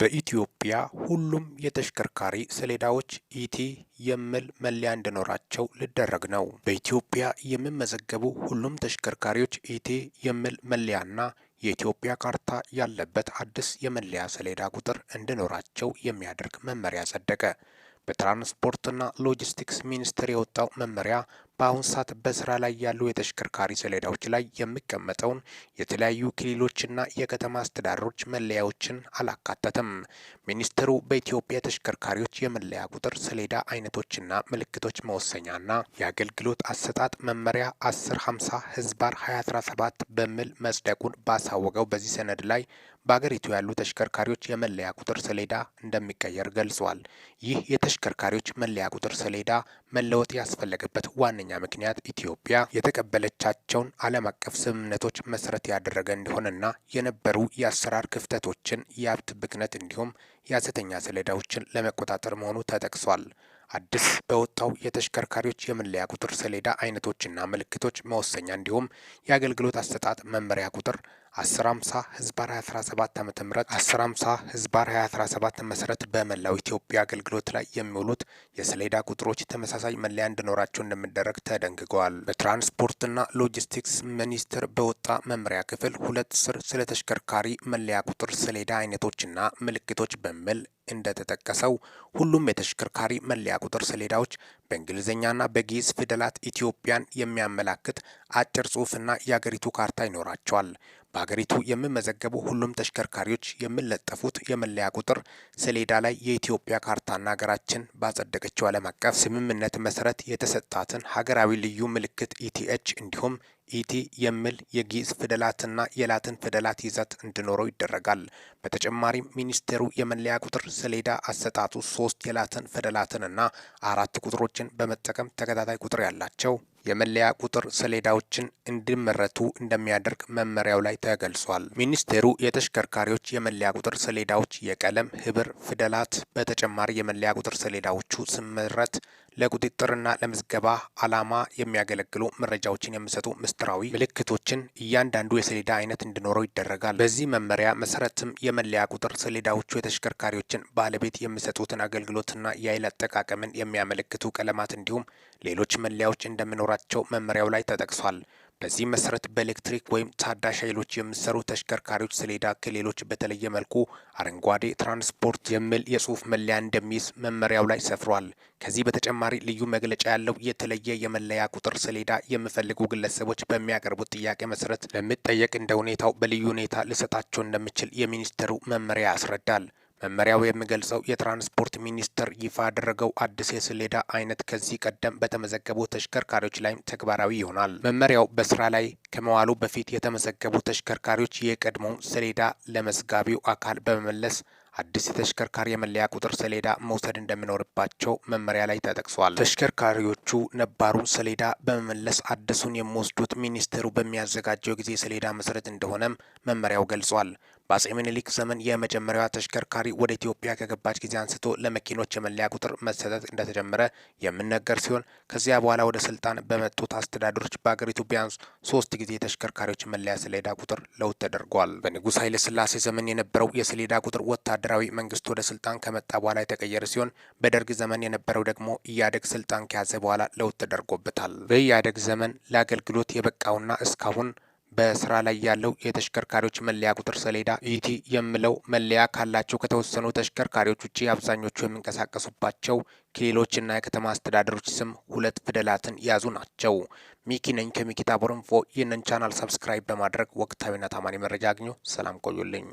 በኢትዮጵያ ሁሉም የተሽከርካሪ ሰሌዳዎች ኢቲ የሚል መለያ እንዲኖራቸው ሊደረግ ነው። በኢትዮጵያ የሚመዘገቡ ሁሉም ተሽከርካሪዎች ኢቲ የሚል መለያና የኢትዮጵያ ካርታ ያለበት አዲስ የመለያ ሰሌዳ ቁጥር እንዲኖራቸው የሚያደርግ መመሪያ ጸደቀ። በትራንስፖርትና ሎጂስቲክስ ሚኒስቴር የወጣው መመሪያ በአሁን ሰዓት በስራ ላይ ያሉ የተሽከርካሪ ሰሌዳዎች ላይ የሚቀመጠውን የተለያዩ ክልሎችና የከተማ አስተዳደሮች መለያዎችን አላካተተም። ሚኒስትሩ በኢትዮጵያ ተሽከርካሪዎች የመለያ ቁጥር ሰሌዳ አይነቶችና ምልክቶች መወሰኛና የአገልግሎት አሰጣጥ መመሪያ 1050 ህዝባር 2017 በሚል መጽደቁን ባሳወቀው በዚህ ሰነድ ላይ በአገሪቱ ያሉ ተሽከርካሪዎች የመለያ ቁጥር ሰሌዳ እንደሚቀየር ገልጿል። ይህ የተሽከርካሪዎች መለያ ቁጥር ሰሌዳ መለወጥ ያስፈለገበት ዋነኛ ምክንያት ኢትዮጵያ የተቀበለቻቸውን ዓለም አቀፍ ስምምነቶች መሰረት ያደረገ እንደሆነና የነበሩ የአሰራር ክፍተቶችን፣ የሀብት ብክነት እንዲሁም የሐሰተኛ ሰሌዳዎችን ለመቆጣጠር መሆኑ ተጠቅሷል። አዲስ በወጣው የተሽከርካሪዎች የመለያ ቁጥር ሰሌዳ አይነቶችና ምልክቶች መወሰኛ እንዲሁም የአገልግሎት አሰጣጥ መመሪያ ቁጥር 1050 ህዝባር 2017 ዓ.ም 1050 ህዝባር 2017 መሰረት በመላው ኢትዮጵያ አገልግሎት ላይ የሚውሉት የሰሌዳ ቁጥሮች ተመሳሳይ መለያ እንዲኖራቸው እንደሚደረግ ተደንግገዋል። በትራንስፖርትና ሎጂስቲክስ ሚኒስቴር በወጣ መምሪያ ክፍል ሁለት ስር ስለ ተሽከርካሪ መለያ ቁጥር ሰሌዳ አይነቶችና ምልክቶች በሚል እንደተጠቀሰው ሁሉም የተሽከርካሪ መለያ ቁጥር ሰሌዳዎች በእንግሊዝኛና በግዕዝ ፊደላት ኢትዮጵያን የሚያመላክት አጭር ጽሑፍና የአገሪቱ ካርታ ይኖራቸዋል። በሀገሪቱ የሚመዘገቡ ሁሉም ተሽከርካሪዎች የሚለጠፉት የመለያ ቁጥር ሰሌዳ ላይ የኢትዮጵያ ካርታና ሀገራችን ባጸደቀችው ዓለም አቀፍ ስምምነት መሰረት የተሰጣትን ሀገራዊ ልዩ ምልክት ኢቲኤች እንዲሁም ኢቲ የሚል የግዕዝ ፊደላትና የላትን ፊደላት ይዘት እንዲኖረው ይደረጋል። በተጨማሪም ሚኒስቴሩ የመለያ ቁጥር ሰሌዳ አሰጣጡ ሶስት የላትን ፊደላትንና አራት ቁጥሮችን በመጠቀም ተከታታይ ቁጥር ያላቸው የመለያ ቁጥር ሰሌዳዎችን እንዲመረቱ እንደሚያደርግ መመሪያው ላይ ተገልጿል። ሚኒስቴሩ የተሽከርካሪዎች የመለያ ቁጥር ሰሌዳዎች የቀለም ህብር ፊደላት በተጨማሪ የመለያ ቁጥር ሰሌዳዎቹ ስምረት ለቁጥጥርና ለምዝገባ ዓላማ የሚያገለግሉ መረጃዎችን የሚሰጡ ምስጢራዊ ምልክቶችን እያንዳንዱ የሰሌዳ አይነት እንዲኖረው ይደረጋል። በዚህ መመሪያ መሰረትም የመለያ ቁጥር ሰሌዳዎቹ የተሽከርካሪዎችን ባለቤት የሚሰጡትን አገልግሎትና የኃይል አጠቃቀምን የሚያመለክቱ ቀለማት እንዲሁም ሌሎች መለያዎች እንደሚኖራቸው መመሪያው ላይ ተጠቅሷል። በዚህ መሰረት በኤሌክትሪክ ወይም ታዳሽ ኃይሎች የሚሰሩ ተሽከርካሪዎች ሰሌዳ ከሌሎች በተለየ መልኩ አረንጓዴ ትራንስፖርት የሚል የጽሁፍ መለያ እንደሚይዝ መመሪያው ላይ ሰፍሯል። ከዚህ በተጨማሪ ልዩ መግለጫ ያለው የተለየ የመለያ ቁጥር ሰሌዳ የሚፈልጉ ግለሰቦች በሚያቀርቡት ጥያቄ መሰረት ለሚጠየቅ እንደ ሁኔታው በልዩ ሁኔታ ልሰጣቸው እንደሚችል የሚኒስቴሩ መመሪያ ያስረዳል። መመሪያው የሚገልጸው የትራንስፖርት ሚኒስቴር ይፋ ያደረገው አዲስ የሰሌዳ አይነት ከዚህ ቀደም በተመዘገቡ ተሽከርካሪዎች ላይም ተግባራዊ ይሆናል። መመሪያው በስራ ላይ ከመዋሉ በፊት የተመዘገቡ ተሽከርካሪዎች የቀድሞውን ሰሌዳ ለመዝጋቢው አካል በመመለስ አዲስ የተሽከርካሪ የመለያ ቁጥር ሰሌዳ መውሰድ እንደሚኖርባቸው መመሪያ ላይ ተጠቅሷል። ተሽከርካሪዎቹ ነባሩን ሰሌዳ በመመለስ አዲሱን የሚወስዱት ሚኒስቴሩ በሚያዘጋጀው ጊዜ ሰሌዳ መሰረት እንደሆነም መመሪያው ገልጿል። በአጼ ምኒልክ ዘመን የመጀመሪያዋ ተሽከርካሪ ወደ ኢትዮጵያ ከገባች ጊዜ አንስቶ ለመኪኖች የመለያ ቁጥር መሰጠት እንደተጀመረ የሚነገር ሲሆን ከዚያ በኋላ ወደ ስልጣን በመጡት አስተዳደሮች በአገሪቱ ቢያንስ ሶስት ጊዜ ተሽከርካሪዎች መለያ ሰሌዳ ቁጥር ለውጥ ተደርጓል። በንጉሥ ኃይለ ሥላሴ ዘመን የነበረው የሰሌዳ ቁጥር ወታደራዊ መንግስት ወደ ስልጣን ከመጣ በኋላ የተቀየረ ሲሆን በደርግ ዘመን የነበረው ደግሞ ኢህአዴግ ስልጣን ከያዘ በኋላ ለውጥ ተደርጎበታል። በኢህአዴግ ዘመን ለአገልግሎት የበቃውና እስካሁን በስራ ላይ ያለው የተሽከርካሪዎች መለያ ቁጥር ሰሌዳ ኢቲ የሚለው መለያ ካላቸው ከተወሰኑ ተሽከርካሪዎች ውጭ አብዛኞቹ የሚንቀሳቀሱባቸው እና የከተማ አስተዳደሮች ስም ሁለት ፊደላትን የያዙ ናቸው። ሚኪ ነኝ ከሚኪታ ቦረንፎ። ይህንን ቻናል ሰብስክራይብ በማድረግ ወቅታዊና ታማኒ መረጃ አግኙ። ሰላም ቆዩልኝ።